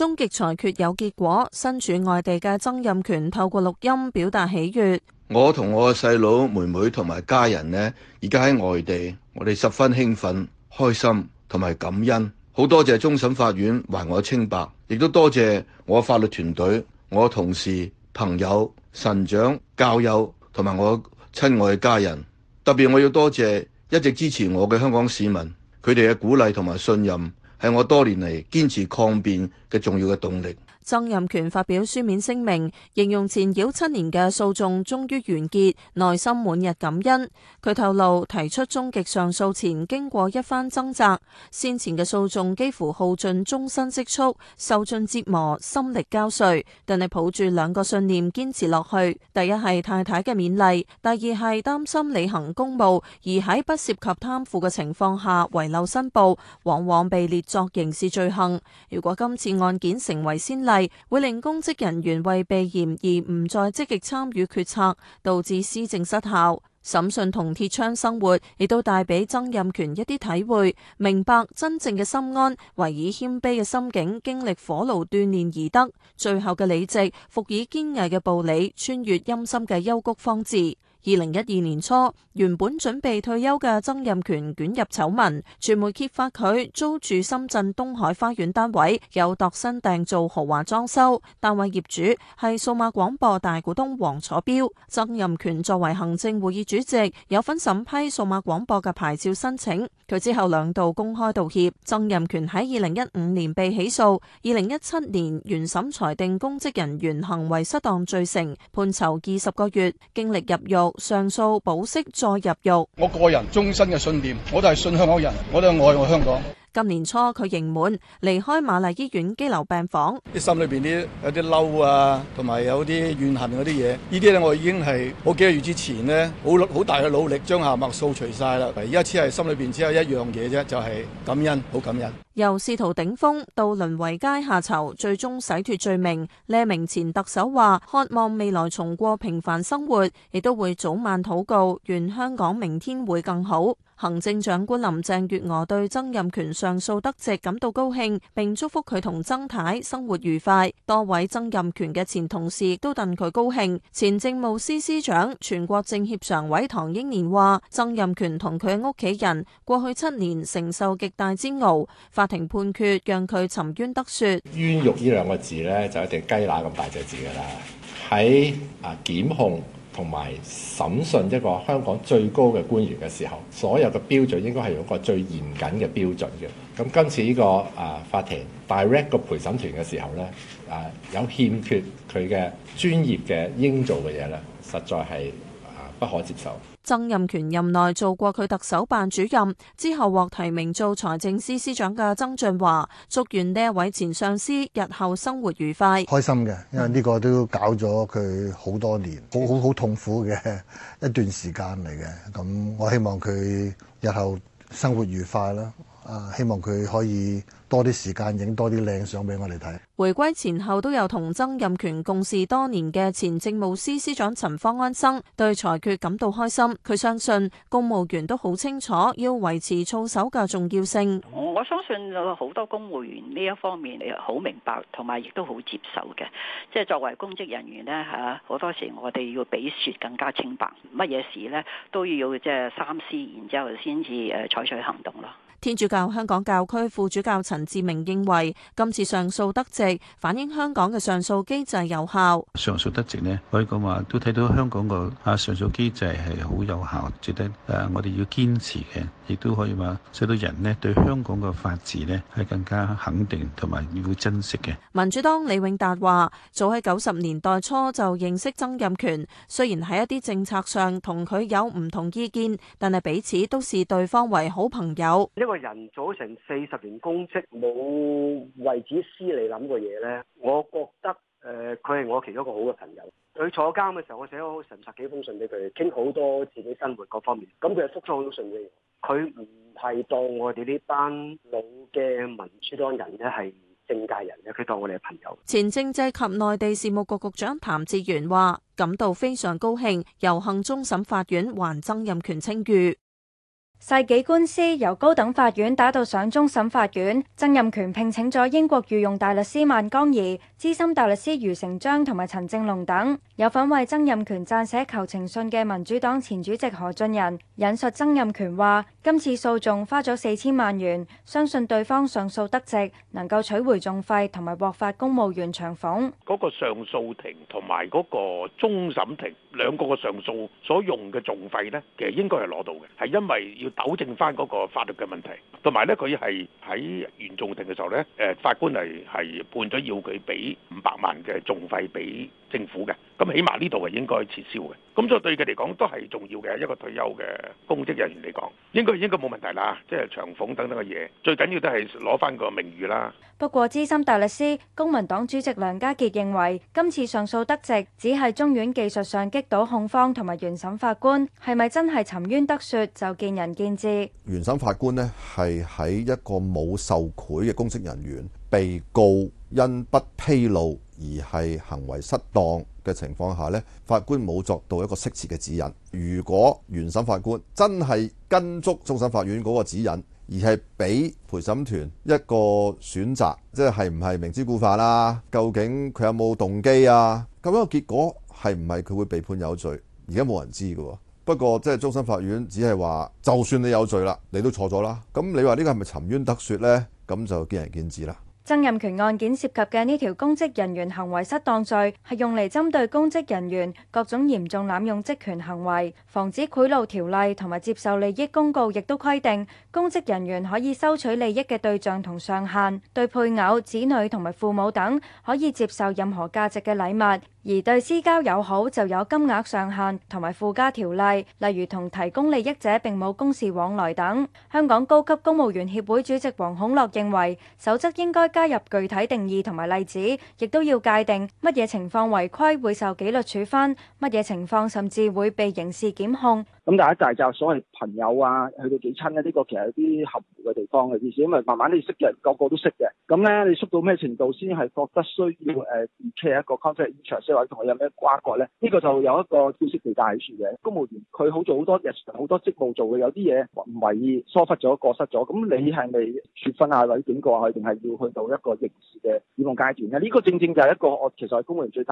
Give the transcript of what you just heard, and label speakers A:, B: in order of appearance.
A: 終極裁決有結果，身處外地嘅曾蔭權透過錄音表達喜悅。
B: 我同我嘅細佬、妹妹同埋家人呢，而家喺外地，我哋十分興奮、開心同埋感恩，好多謝終審法院還我清白，亦都多謝我法律團隊、我同事、朋友、神長教友同埋我親愛嘅家人。特別我要多謝一直支持我嘅香港市民，佢哋嘅鼓勵同埋信任。係我多年嚟堅持抗辯嘅重要嘅動力。
A: 曾蔭權發表書面聲明，形容纏繞七年嘅訴訟終於完結，內心滿溢感恩。佢透露提出終極上訴前，經過一番掙扎，先前嘅訴訟幾乎耗盡終身積蓄，受盡折磨，心力交瘁。但係抱住兩個信念堅持落去：第一係太太嘅勉勵，第二係擔心履行公務而喺不涉及貪腐嘅情況下遺漏申報，往往被列作刑事罪行。如果今次案件成為先例，會令公職人員為避嫌而唔再積極參與決策，導致施政失效。審訊同鐵窗生活，亦都帶俾曾蔭權一啲體會，明白真正嘅心安，唯以謙卑嘅心境經歷火爐鍛煉而得。最後嘅理直，服以堅毅嘅步履，穿越陰森嘅幽谷方，方至。二零一二年初，原本準備退休嘅曾蔭權捲入醜聞，傳媒揭發佢租住深圳東海花園單位，有度身訂造豪華裝修。單位業主係數碼廣播大股東黃楚標，曾蔭權作為行政會議主席，有份審批數碼廣播嘅牌照申請。佢之後兩度公開道歉。曾蔭權喺二零一五年被起訴，二零一七年原審裁定公職人員行為失當罪成，判囚二十個月，經歷入獄。上訴保釋再入獄。我個
B: 人終身嘅信念，我都係信香港人，我都係愛我香港。
A: 今年初佢刑滿離開瑪麗醫院羈留病房，
B: 心裏邊啲有啲嬲啊，同埋有啲怨恨嗰啲嘢，呢啲咧我已經係好幾個月之前咧，好好大嘅努力將下墨掃除晒啦。而家只係心裏邊只有一樣嘢啫，就係、是、感恩，好感恩。
A: 由仕途頂峰到淪為階下囚，最終洗脫罪名，呢名前特首話，渴望未來重過平凡生活，亦都會早晚禱告，願香港明天會更好。行政長官林鄭月娥對曾蔭權上訴得直感到高興，並祝福佢同曾太生活愉快。多位曾蔭權嘅前同事亦都戥佢高興。前政務司司長、全國政協常委唐英年話，曾蔭權同佢屋企人過去七年承受極大煎熬，法庭判決讓佢沉冤得雪。
B: 冤獄呢兩個字呢，就一定雞乸咁大隻字噶啦。喺啊檢控。同埋審訊一個香港最高嘅官員嘅時候，所有嘅標準應該係用一個最嚴謹嘅標準嘅。咁今次呢個啊、呃、法庭 direct 個陪審團
A: 嘅時候咧，啊、呃、有欠缺佢嘅專業嘅應做嘅嘢啦，實在係不可接受。曾蔭權任內做過佢特首辦主任，之後獲提名做財政司司長嘅曾俊華，祝願呢位前上司日後生活愉快。開心
B: 嘅，因為呢個都搞咗佢好多年，好好好痛苦嘅一段時間嚟嘅。咁我希望佢日後生活愉快啦。啊！希望佢可以多啲時間影多啲靚相俾我哋睇。
A: 回歸前後都有同曾蔭權共事多年嘅前政務司司長陳方安生對裁決感到開心。佢相信公務員都好清楚要維持操守嘅重要性。
B: 我相信好多公務員呢一方面你好明白，同埋亦都好接受嘅。即係作為公職人員呢，吓，好多時我哋要比雪更加清白，乜嘢事呢都要即係三思，然之後先至誒採
A: 取行動咯。天主教香港教區副主教陳志明認為，今次上訴得直，反映香港嘅上訴機制有效。
B: 上訴得直呢，可以講話都睇到香港個啊上訴機制係好有效，值得誒我哋要堅持嘅。亦都可以話，使到人呢對香港嘅法治呢，係更加肯定同埋要珍惜嘅。
A: 民主黨李永達話，早喺九十年代初就認識曾蔭權，雖然喺一啲政策上同佢有唔同意見，但係彼此都視對方為好朋友。一個人組成四十年公職，冇為此私利諗過嘢呢，我覺得誒，佢係我其中一個好嘅朋友。佢坐監嘅時候，我寫咗好神十幾封信俾佢，傾好多自己生活各方面。咁佢又覆咗好多信嘅。佢唔係當我哋呢班老嘅民主黨人咧係政界人咧，佢當我哋係朋友。前政制及內地事務局局長譚志源話：感到非常高興，有幸終審法院還曾蔭權清譽。世紀官司
B: 由高等法院打到上終審法院，曾蔭權聘請咗英國御用大律師萬江儀、資深大律師余成章同埋陳正龍等。有份為曾蔭權撰寫求情信嘅民主黨前主席何俊仁引述曾蔭權話：今次訴訟花咗四千萬元，相信對方上訴得直，能夠取回訟費同埋獲發公務員長俸。
A: 嗰個上訴庭同埋嗰個終審庭
B: 兩個嘅上訴所用嘅訟費呢，其實應該係攞到嘅，係因為要。糾正翻嗰個法律嘅問題，同埋咧佢係喺原訟庭嘅時候咧，誒法官嚟係判咗要佢俾五百萬嘅訟費俾政府嘅。咁起碼呢度係應該撤銷嘅，咁所以對佢嚟講都係重要嘅，一個退休嘅公職人員嚟講，應該應該冇問題啦，
A: 即係長俸等等嘅嘢，最緊要都係攞翻個名譽啦。
B: 不過，資深大律師、公民黨主席梁家傑認為，今次上訴得直，只係中院技術上擊倒控方同埋原審法官，係咪真係沉冤得雪，就見仁見智。原審法官呢係喺一個冇受賄嘅公職人員，被告因不披露而係行為失當，嘅情況下呢法官冇作到一個適切嘅指引。如果原審法官真係跟足終審法院嗰個指引，而係俾陪審團一個選擇，即係係唔係明知故犯啦，啊？究竟佢有冇動機啊？咁樣嘅結果係唔係佢會被判有罪？而家冇人知嘅喎。不過即係終審法院只係話，就算你有罪啦，你都錯咗啦。咁你話呢個係咪沉冤得雪呢？咁就見仁見智啦。曾蔭權案件涉及嘅呢條公職人員行為失當罪，係用嚟針對公職人員各種嚴重濫用職權行為。防止賄賂條例同埋接受利益公告亦都規定，公職人員可以收取利益嘅對象同上限，對配偶、子女同埋父母等，可以接受任何價值嘅禮物。而對私交友好就有金額上限同埋附加條例，例如同提供利益者並冇公事往來等。香港高級公務員協會主席黃孔樂認為，守則應該加入具體定義同埋例子，亦都要界定乜嘢情況違規會受紀律處分，乜嘢情況甚至會被刑事檢控。
A: 咁大家就係就所謂朋友啊，去到幾親咧？呢個其實有啲含個地方嘅，意思，因為慢慢你識人，個個都識嘅。咁咧，你熟到咩程度先係覺得需要 c 誒預期一個 conflict of interest 或者同我有咩瓜葛咧？呢、這個就有一個知識性地帶嘅公務員，佢好做好多日常好多職務做嘅，有啲嘢唔為意疏忽咗、過失咗。咁你係咪處分啊，或者警告佢定係要去到一個刑事嘅指控階
B: 段咧？呢、這個正正就係一個我其實係公務員最擔。